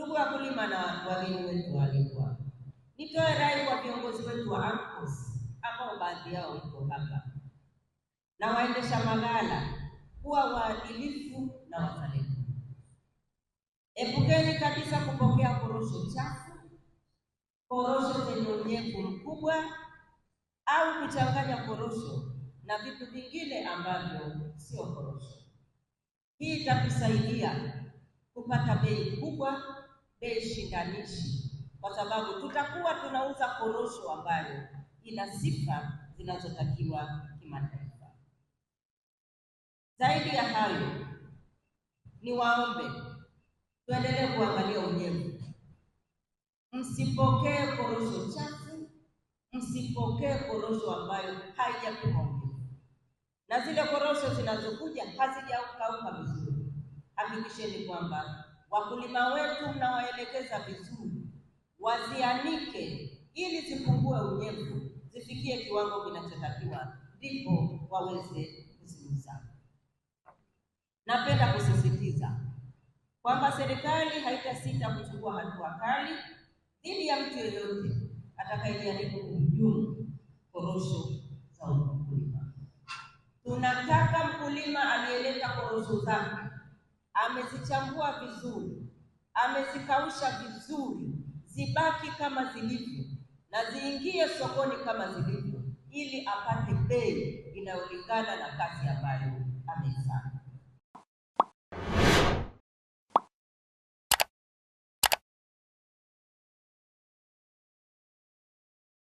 Ndugu wakulima na wageni wetu walikuwa, nitoe rai kwa viongozi wetu wa AMCOS ambao baadhi yao iko hapa na waendesha magala kuwa waadilifu na wazalendo. Epukeni kabisa kupokea korosho chafu, korosho zenye unyevu mkubwa, au kuchanganya korosho na vitu vingine ambavyo sio korosho. Hii itakusaidia kupata bei kubwa bei kwa sababu tutakuwa tunauza korosho ambayo ina sifa zinazotakiwa kimataifa. Zaidi ya hayo, ni waombe tuendelee kuangalia unyevu. Msipokee korosho chafu, msipokee korosho ambayo haijapimwa unyevu, na zile korosho zinazokuja hazijaukauka vizuri. Hakikisheni kwamba Wakulima wetu mnawaelekeza vizuri, wazianike ili zipungue unyevu, zifikie kiwango kinachotakiwa, ndipo waweze kuziuza. Napenda kusisitiza kwamba serikali haitasita kuchukua hatua kali dhidi ya mtu yeyote atakayejaribu kuhujumu korosho za mkulima. Tunataka mkulima aliyeleta korosho zake amezichambua vizuri, amezikausha vizuri, zibaki kama zilivyo na ziingie sokoni kama zilivyo, ili apate bei inayolingana na kazi ambayo ameifanya.